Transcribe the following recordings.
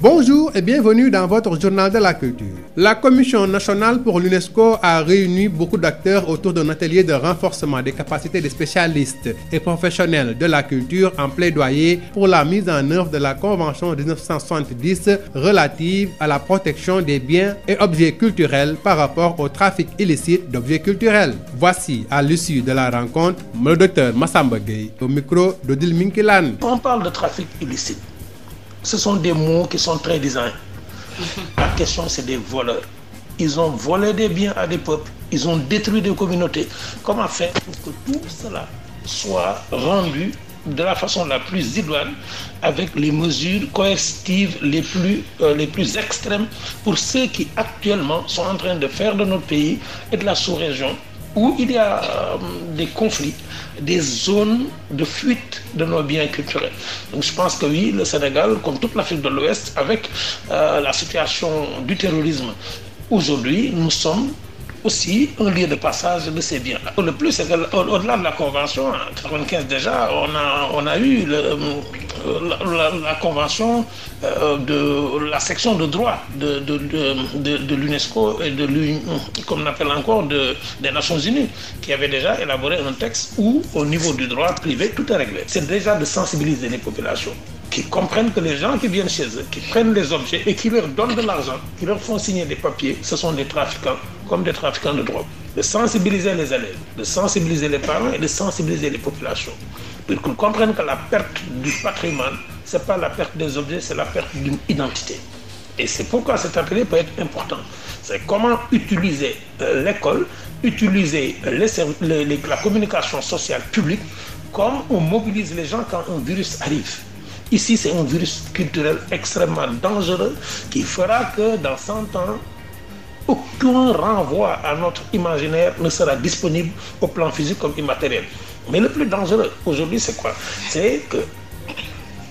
Bonjour et bienvenue dans votre journal de la culture. La Commission nationale pour a réuni beaucoup d'acteurs autour d'un de renforcement des capacités des spécialistes et la culture en plaidoyer pour la mise en œuvre de la Convention 1970 relative à la protection et objets culturels par rapport au trafic illicite d'objets culturels. à l'issue de la rencontre, le docteur Massamba Gueye au micro d'Odile Minkilan. On parle ce sont des mots qui sont très distincts. La question, c'est des voleurs. Ils ont volé des biens à des peuples, ils ont détruit des communautés. Comment faire pour que tout cela soit rendu de la façon la plus idoine, avec les mesures coercitives les plus, euh, les plus extrêmes pour ceux qui actuellement sont en train de faire de notre pays et de la sous-région où il y euh, des conflits, des zones de fuite de nos biens culturels. Donc pense que oui, le Sénégal, comme toute l'Afrique de l'Ouest, euh, la situation du terrorisme aujourd'hui, nous un lieu de passage de ces biens-là. la, la, la convention euh, de la section de droit de, de, de, de l'UNESCO et de l'UNESCO, comme on appelle encore, des Nations Unies, qui avait déjà élaboré un texte où, au niveau du droit privé, tout est réglé. C'est déjà de sensibiliser les populations qui comprennent que les gens qui viennent chez eux, qui les objets et qui leur donnent de l'argent, qui leur font signer des papiers, comme des trafiquants de drogue. De sensibiliser les élèves, de sensibiliser les parents et de sensibiliser les population pour qu'ils comprennent que la perte du patrimoine, ce n'est pas la perte des objets, c'est la perte d'une identité. Et c'est pourquoi cet atelier peut être important. C'est comment utiliser euh, l'école, utiliser les, les, les, la communication sociale publique, comme on mobilise les gens quand un virus arrive. Ici, c'est un virus culturel extrêmement dangereux qui fera que dans cent ans, aucun renvoi à notre imaginaire ne sera disponible au plan physique comme immatériel. Mais le plus dangereux aujourd'hui, c'est quoi C'est que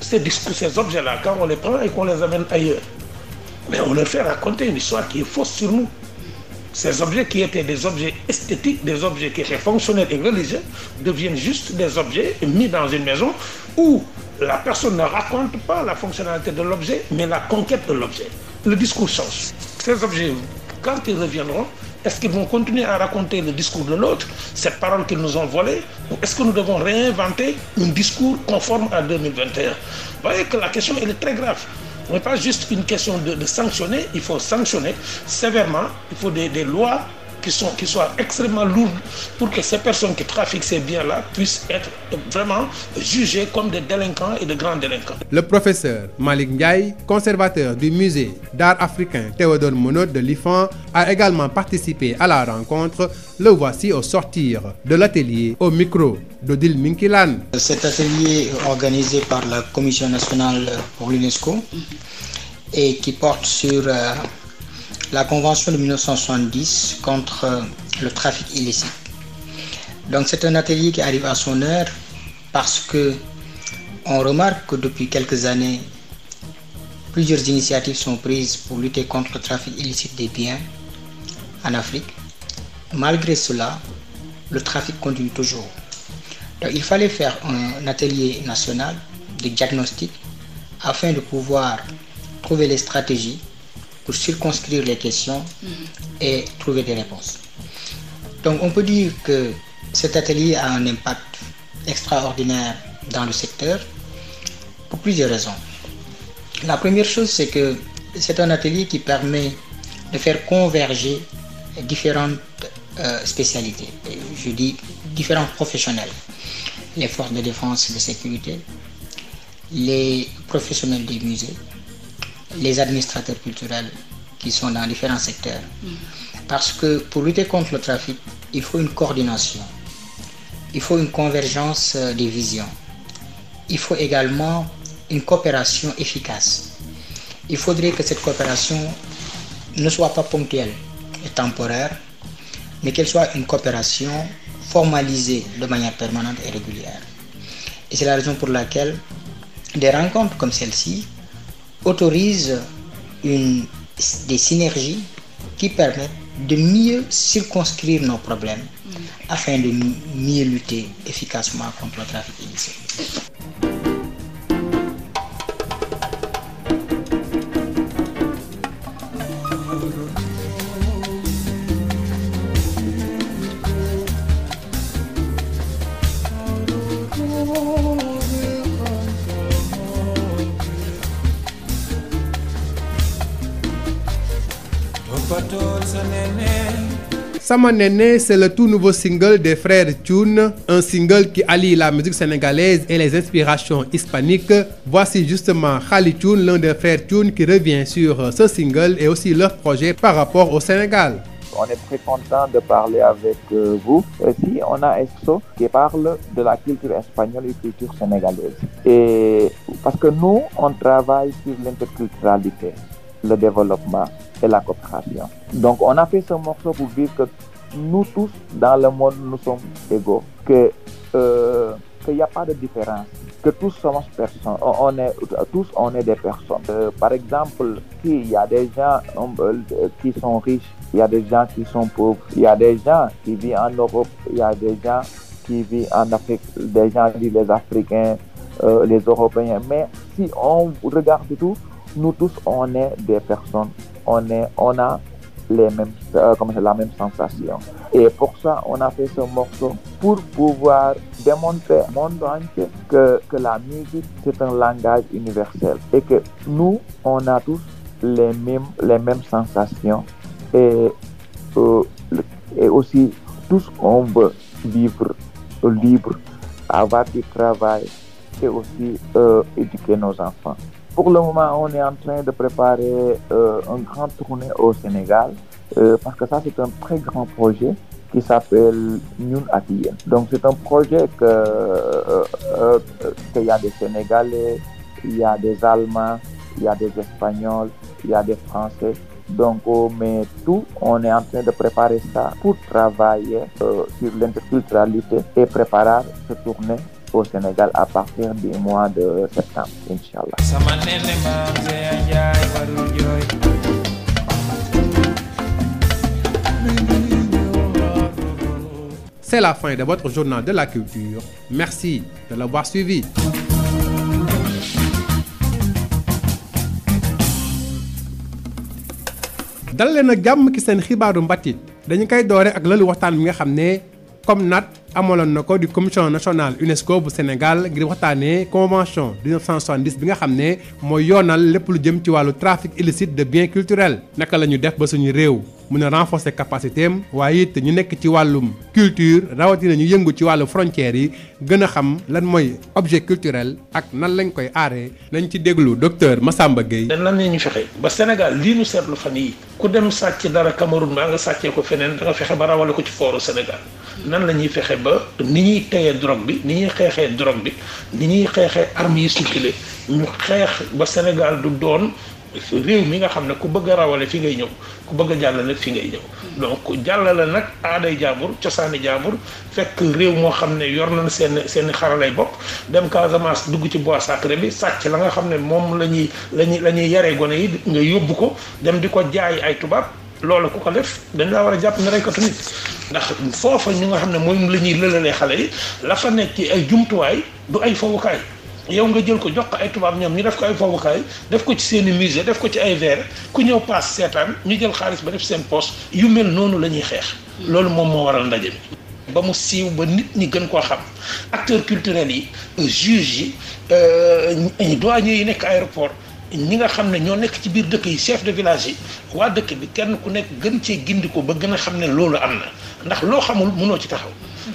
ces discours, ces objets-là, quand on les prend et qu'on les amène ailleurs, mais on leur fait raconter une histoire qui est fausse sur nous. Ces objets qui étaient des objets esthétiques, des objets qui étaient fonctionnels et religieux, deviennent juste des objets mis dans une maison où la personne ne raconte pas la fonctionnalité de l'objet, mais la conquête de l'objet. Le discours change. Ces objets, quand ils reviendront, Est-ce qu'ils vont continuer à raconter le discours de l'autre, cette parole qu'ils nous ont volée, ou est-ce que nous devons réinventer un discours conforme à 2021 Vous voyez que la question elle est très grave. Ce n'est pas juste une question de, de sanctionner, il faut sanctionner sévèrement, il faut des, des lois qui, sont, qui soient extrêmement lourdes pour que ces personnes qui trafiquent ces a là puissent être vraiment jugées comme des délinquants et de grands délinquants. Le professeur Malik Ndiaye, de du musée d'art africain Théodore de l'IFAN, a également participé à la rencontre. Le voici au sortir de l'atelier au micro d'Odile Minkilan. Cet atelier est organisé par la Commission nationale pour l'UNESCO et qui porte euh, la Convention de 1970 contre euh, le trafic illicite. Donc c'est un atelier qui arrive à son heure parce que on remarque que depuis quelques années, plusieurs initiatives sont prises pour lutter contre le trafic illicite des biens en Afrique. Malgré cela, le trafic continue toujours. il fallait faire un atelier national de diagnostic afin de pouvoir trouver les stratégies pour circonscrire les questions mhm. et trouver des réponses. Donc on peut dire que cet atelier a un impact extraordinaire dans le secteur pour plusieurs raisons. La première chose, c'est que c'est un atelier qui permet de faire converger différentes euh, spécialités, je dis différents professionnels, les forces de défense et de sécurité, les professionnels des musées, les administrateurs culturels qui sont dans différents secteurs. Mm. Parce que pour lutter contre le trafic, il faut une coordination, il faut une convergence euh, des vision il faut également une coopération efficace. Il faudrait que cette coopération ne soit pas ponctuelle et temporaire, mais qu'elle soit une coopération formalisée de manière permanente et régulière. Et c'est la raison pour laquelle des rencontres comme celle-ci autorise une, des synergies qui permettent de mieux circonscrire nos problèmes mmh. afin de mieux lutter efficacement contre le trafic illicite. Sama Néné c'est le tout nouveau single des frères Thioune un single qui allie la musique sénégalaise et les inspirations hispaniques voici justement Khali Thioune l'un des frères Thioune qui revient sur ce single et aussi leur projet par rapport au Sénégal on est très content de parler avec euh, vous. Aussi, on a EXO qui parle de la culture espagnole et culture sénégalaise. parce que nous, on travaille sur l'interculturalité. le développement et la coopération. Donc on a fait ce morceau pour dire que nous tous dans le monde nous sommes égaux, que euh, qu'il n'y a pas de différence, que tous sommes personnes, on est des personnes. Euh, par exemple, euh, il y a des gens qui sont riches, il y a des gens qui vivent en Europe, il y a des gens qui vivent en Africains, euh, les Européens. Mais si on regarde tout nous tous, on est des personnes, on, a euh, la même sensation. Et pour ça, on a fait ce morceau pour pouvoir démontrer au monde entier que, la musique, c'est un langage universel et que nous, on a tous les mêmes, sensations euh, et, aussi tous, on veut vivre libre, avoir du travail et aussi euh, éduquer nos enfants. pour le moment, on est en train de préparer euh, un grand tournée au Sénégal, euh, parce que ça, c'est un très grand projet qui s'appelle Nyun Atien. Donc, c'est un projet euh, qu'il y a des Sénégalais, il y a des Allemands, il y a des Espagnols, il y a des Français. Oh, mais tout, on est en train de préparer ça pour travailler sur l'interculturalité et préparer ce tournée au Sénégal à partir mois de septembre incha la fin de votre journal la culture. Merci de l'avoir dal leen a jàmm ki seen xibaaru mbatit dañu koy doore ak lalu waxtaan bi nga xam ne comme nat amaloon na ko di commission nationale UNESCO bu Sénégal ngir waxtaanee convention 1970 bi nga xam ne mooy yoonal lépp lu jëm ci wàllu trafic illicite de biens culturels naka la ñu def ba suñu réew mun a renforcer capacité am waaye it ñu nekk ci wàllum culture rawatina ñu yëngu ci wàllu frontières yi gën a xam lan mooy objet culturel ak nan lañ koy aaree nañ ci déglu docteur Massamba Gueye. dañ lan la ñu fexe ba Sénégal lii nu seetlu fan yi ku dem sàcc dara Cameroun baa nga sàccee ko feneen da fexe ba rawale ko ci fooru Sénégal nan la ñuy fexe ba ni ñuy teyee drogue bi ni ñuy xeexee drogue bi ni ñuy xeexee armes yi circulé ñu xeex ba Sénégal du doon. réew mi nga xam ne ku bëgg rawale fi ngay ñëw ku bëgg a jàllale fi ngay ñëw donc jàllale nag aaday jaabur cosaani jaabur fekk réew moo xam ne yor nañ seen seen xaralay bopp dem Casamance dugg ci bois sacré bi sàcc la nga xam ne moom la ñuy la ñuy la ñuy yaree gone yi nga yóbbu ko dem di ko jaay ay tubaab loolu ku ko def dañ la war a jàpp ne reykatu nit ndax foofa ñu nga xam ne moom la ñuy lëlalee xale yi la fa nekk ci ay jumtuwaay du ay fowukaay yow nga jël ko jox ko ay tubaab ñoom ñu def ko ay fowukaay def ko ci seeni i musée def ko ci ay verre ku ñëw paas seetaan ñu jël xaalis ba def seen poche yu mel noonu la ñuy xeex. loolu moom moo waral ndaje bi. ba mu siiw ba nit ñi gën koo xam acteur culturels yi juges yi euh, douaniers yi nekk aéroport. ñi nga xam ne ñoo nekk ci biir dëkk yi chef de village yi waa dëkk bi kenn ku nekk gën cee gindi ko ba gën a xam ne loolu am na ndax loo xamul mënoo ci taxaw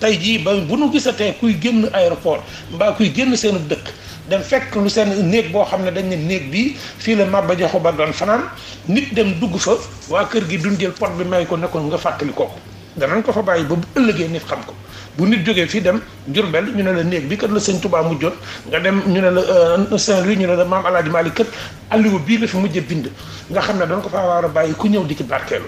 tey jii ba bu nu gisatee kuy génn aéroport mbaa kuy génn seen dëkk dem fekk lu seen néeg boo xam ne dañ ne néeg bi fii la Maba Jaxu Ba doon fanaan nit dem dugg fa waa kër gi duñ jël pot bi may ko nekkoon nga fàttali kooku danañ ko fa bàyyi ba bu ëllëgee nit xam ko bu nit jógee fii dem Jurbel ñu ne la néeg bi kat la sëñ Touba mujjoon nga dem ñu ne la euh, Saint-Louis ñu ne la maam Alaaji Maalik kat Aliou bii la fi mujjee bind nga xam ne dañ ko faa war a bàyyi ku ñëw di ci barkeelu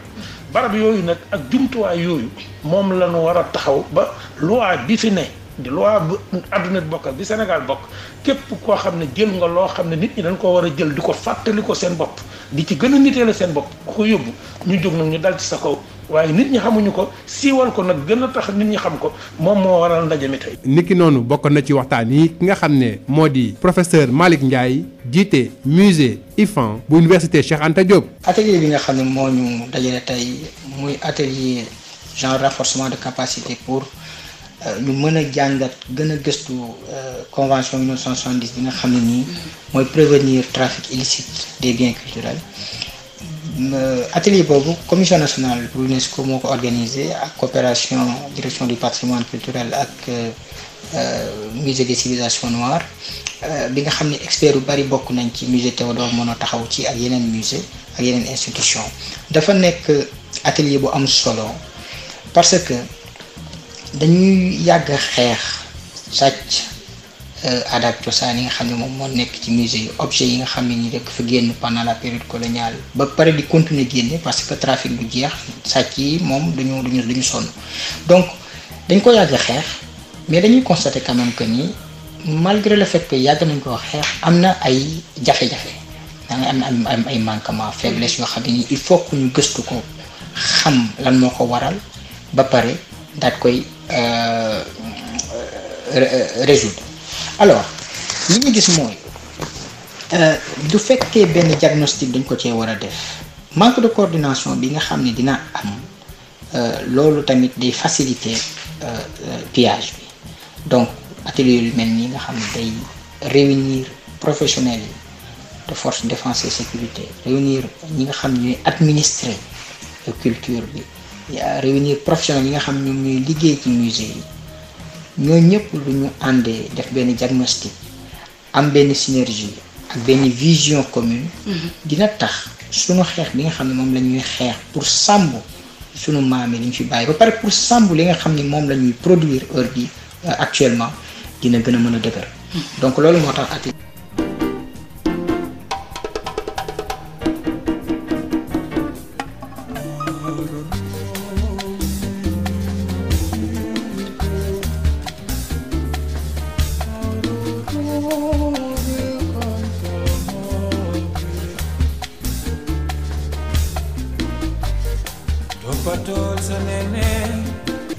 barab yooyu nag ak jumtuwaay yooyu moom la war a taxaw ba loi bi fi ne di loi bu àdduna bokk ak bi Sénégal bokk képp koo xam ne jël nga loo xam ne nit ñi dañ koo war a jël di ko fàttali ko seen bopp di ci gën a nitee la seen bopp ku k ñu jóg nag ñu dal ci sa kaw waaye nit ñi xamuñu ko siiwal ko nag gën a tax nit ñi xam ko moom moo waral ndaje mi tey. niki noonu bokk na ci waxtaan yi ki nga xam ne moo di professeur Malick Ndiaye jiite musée IFAN bu université Cheikh Anta Diop. atelier bi nga xam ne moo ñu dajale tey muy atelier genre renforcement de capacité pour. Euh, ñu mën a jàngat gën a gëstu euh, convention 1970 bi nga xam ne nii mooy prévenir trafic illicite des biens culturels Euh, atelier boobu commission national pour l'UNESCO moo ko organisé ak coopération direction du patrimoine culturel ak euh, euh, musée des civilisations noires bi nga xam ne expert yu bari bokk nañ ci musée Théodore Monod taxaw ci ak yeneen musée ak yeneen institution dafa nekk atelier bu am solo parce que dañuy yàgg xeex sàcc aadaab euh, cosaan yi nga xam ne moom moo nekk ci musée yi objet yi nga xam ne nii rek fa génn pendant la période coloniale ba pare di continuer génne parce que trafic bu jeex sàcc yi moom dañu dañu dañu sonn donc dañ ko yàgg xeex mais dañuy constater quand même que nii malgré le fait que yàgg nañ ko xeex am na ay jafe-jafe da am am ay manquement faiblesse yoo xam ne nii il faut que ñu gëstu ko xam lan moo ko waral ba pare daat koy euh, résoudre alors li ñu gis mooy euh, du fekkee benn diagnostic dañ ko cee war a def manque de coordination bi nga xam ne dina am euh, loolu tamit day faciliter euh, pillage bi donc atelier yu mel nii nga xam ne day réunir professionnels yi de force defence et sécurité réunir ñi nga xam ne ñooy administrer culture bi réunir professionnels yi nga xam ne ñuy ñooy liggéey ci musée yi ñoo ñëpp bu ñu àndee def benn diagnostic am benn synergie ak benn vision commune mm-hmm. dina tax suñu xeex bi nga xam ne moom la ñuy xeex pour sàmb suñu maam yi li ñu fi bàyyi ba pare pour sàmb li nga xam ni moom la ñuy produire heure bi euh, actuellement dina gën a mën a dëgër mm-hmm. donc loolu moo tax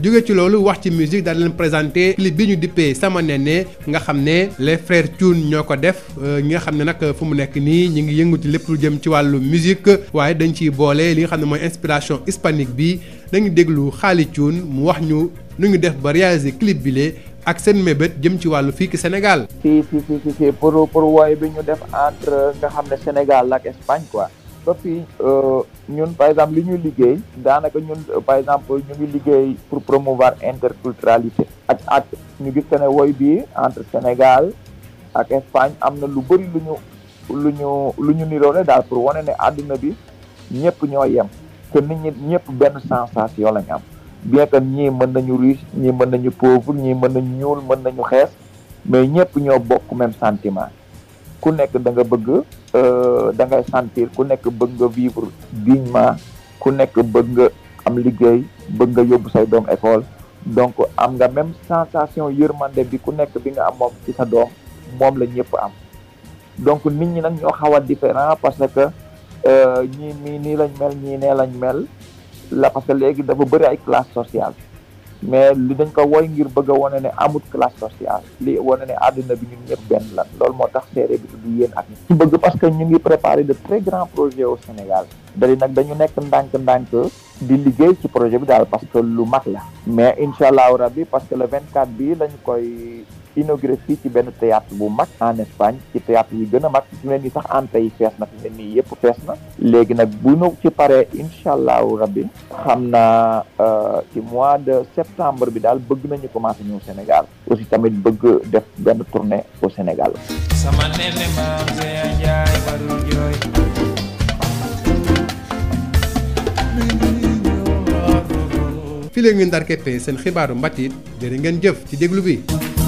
jóge ci loolu wax ci musique daal leen présenté bi ñu dippee sama nene nga xam ne les frères Thioune ñoo ko def euh, ñi nga xam ne nag euh, fu mu nekk nii ñu ngi yëngu ci lépp lu jëm ci wàllu musique waaye dañ ciy boole li nga xam ne mooy inspiration hispanique bi dañu déglu Xaali Thioune mu wax ñu nu ñu def ba réaliser clip bi le ak seen mébét jëm ci wàllu fii ci Sénégal. fii pour pour woy bi ñu def entre nga xam ne Sénégal ak Espagne quoi. ba fii euh, ñun par exemple li ñuy liggéey daanaka ñun euh, par exemple ñu ngi liggéey pour promouvoir interculturalité ak ak ñu gis ne woy bii entre Sénégal ak Espagne am na lu bëri lu ñu lu ñu lu ñu niroone daal pour wane ne àdduna bi ñëpp ñoo yem te nit ñi ñëpp benn sensation lañu am bien que ñii mën nañu riche ñii mën nañu pauvre ñii mën nañu ñuul mën nañu xees mais ñëpp ñoo bokk même sentiment ku nekk da nga bëgg euh, da ngay ku nekk bëgg nga vivre ma ku nekk bëgg nga am liggéey bëgg nga yóbbu say doom école donc am nga même sensation yërmande bi ku nekk bi nga am moom ci sa doom moom la ñëpp am donc nit ñi nag xaw a différent parce que euh, ñii mii nii lañ mel ñii nee lañ mel la parce que léegi dafa bëri ay classe sociale mais li dañ ko woy ngir bëgg a wane ne amut classe sociale li wane ne àdduna bi ñun ñëpp benn lan loolu moo tax série bi tudd yéen ak ci bëgg parce que ñu ngi préparé de très grands projets au Sénégal dali nag dañu nekk ndànk-ndànk di liggéey ci projet bi daal parce que lu mag la mais incha allahu rabbi parce que le 24 bi lañu koy inauguré fii ci benn théâtre bu mag en Espagne ci théâtre yi gën a mag su ne nii sax ante yi fees na su ne nii yëpp fees na léegi nag bu ñu ci paree incha allahu rabbi xam naa euh, ci mois de septembre bi daal bëgg nañu commencé ñëw senegal aussi tamit bëgg def benn tournée au senegal sama nene maam Seya ndar keppee seen xibaaru mbatit jërë ngeen jëf ci déglu bi